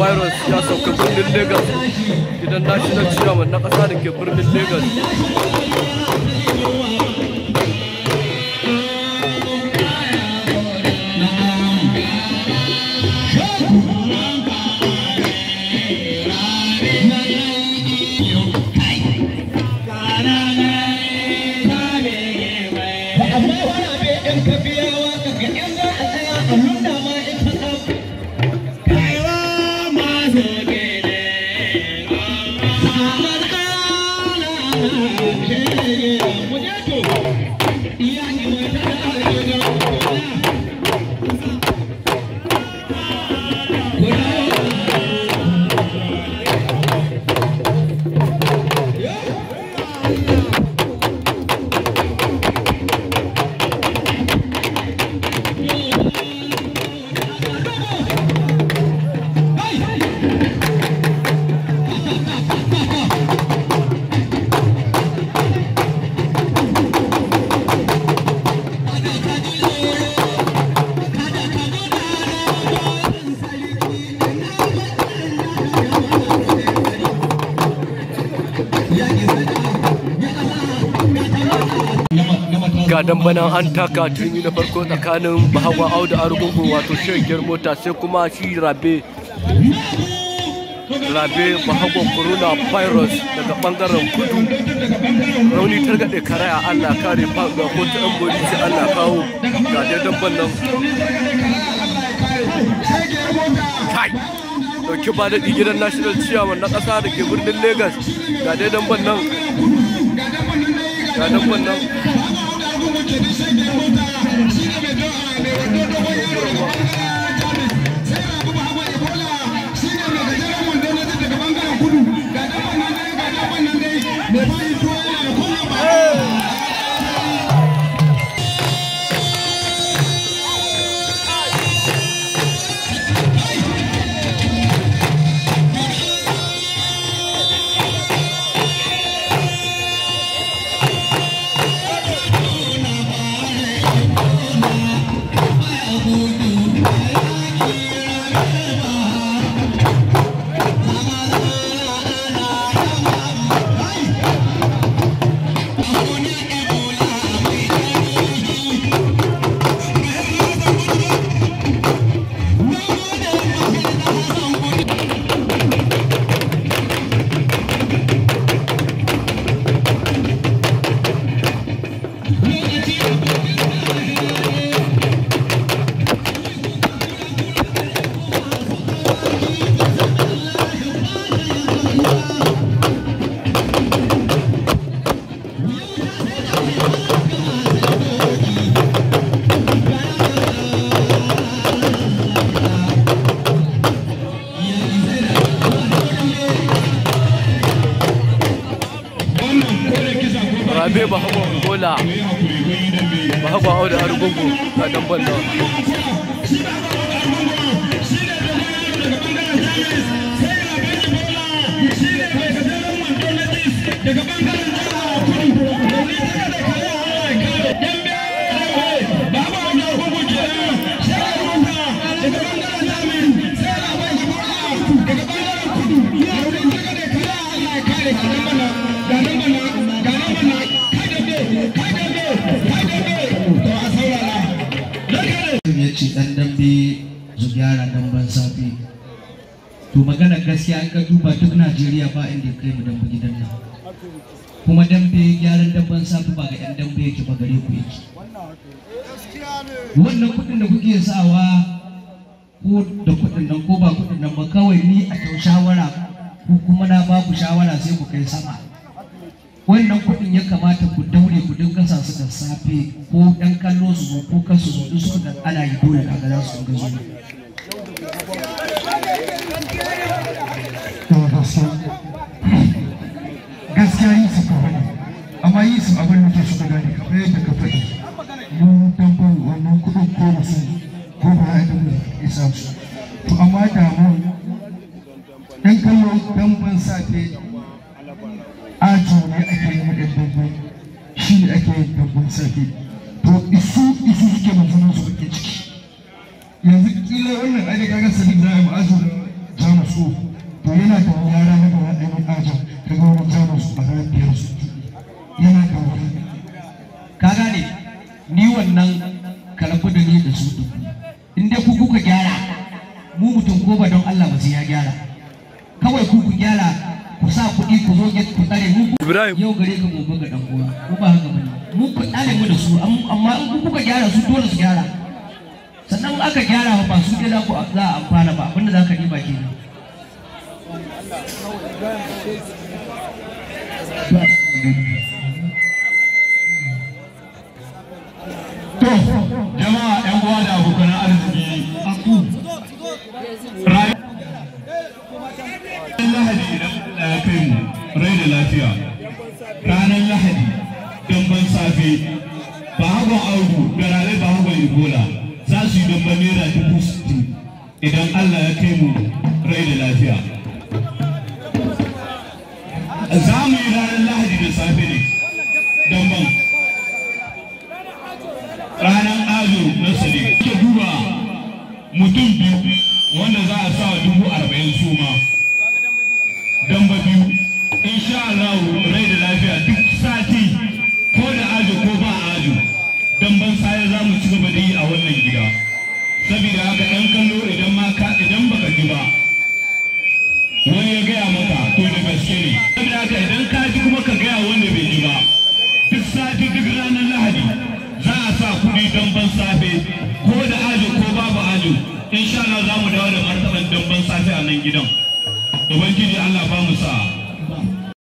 virus já sauka birnin Legas gidan national chairman na ƙasa da ke birnin Legas. Amma wani abin ‘yan Iya, gimana? ga dambana an taka tuni na farko tsakanin bahawa da arugungu wato shagiyar mota sai kuma shi rabe rabe bahagon corona virus daga bangaren kudu rauni targaɗe karaya allah kare faɗuwa ko ta ɗan bori sai allah kawo ga dai dabban nan kai dauki ba daɗi gidan national chairman na ƙasa da ke birnin lagos ga dai dabban nan ga dabban nan de Dakota shi ne à à abe ba hago gola ba hago hau da arugungu ta dan ballon dambe su gyara damben safe. to magana gaskiya in ka duba duk najeriya ba inda kai mu dambe gidan nan kuma dambe gyaran damben safe ba ga yan dambe yake ba gare ku yake wannan kuɗin da kuke sawa ko da kuɗin nan ko ba kuɗin nan ba kawai ni a kyau shawara ko kuma na ba ku shawara sai ku kai sama wannan kuɗin ya kamata ku daure ku sassafe ko ɗan kallo su zo ko kasu zo su suka ana yi dole kaga za su ga zuwa gaskiya yi su kawai amma yi su abin da ke gada gane kamar yadda ka faɗi mun tambar wannan kuɗin ko ba su ko ba a damu isa su to amma mu ɗan kallo ɗan ban safe ajo ne ake yi mu ɗan da ake yin dabbun to isu isu suke mutumin su ke ciki yanzu kila wannan ake kaga za a yi ma'azu yana da yara na gaba ɗaya mai ajin kaga wani a ranar biyar ka gane ni wannan kawai ku gyara ku sa kuɗi ku zo ku tsare yau gare ka gobe ga uwa ko ba haka bane mu ku mu amma kuka gyara su gyara sannan aka za a amfana ba za ka riba kenan Thank you. rai da lafiya ranar lahadi damban safe bahagon audu da ba bahagon ebola za su yi damban naira dubu sittin idan allah ya kai mu rai da lafiya za mu yi ranar lahadi da safe ne damban ranar azo na sadiq ke duba mutum biyu wanda za a sa dubu arba'in suma. Allah rai da lafiya duk sati ko da ajo ko ba ajo don ban saya za mu ci gaba da yi a wannan gida saboda haka ɗan kallo idan ma ka idan baka ji ba wani ya gaya maka to da gaske ne saboda haka idan ka ji kuma ka gaya wanda bai ji ba duk sati duk ranar lahadi za a sa kuɗi don ban safe ko da ajo ko babu ajo insha Allah za mu dawo da martaban dan ban safe a nan gidan ubangiji Allah ba mu sa'a